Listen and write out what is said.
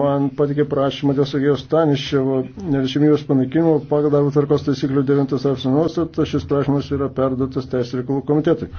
man patikė prašymą dėl Sergejaus Staniševo neliečiamybės panaikinimo pagal darbo tvarkos taisyklių 9 straipsnio nuostatą. Šis prašymas yra perduotas Teisės reikalų komitetui.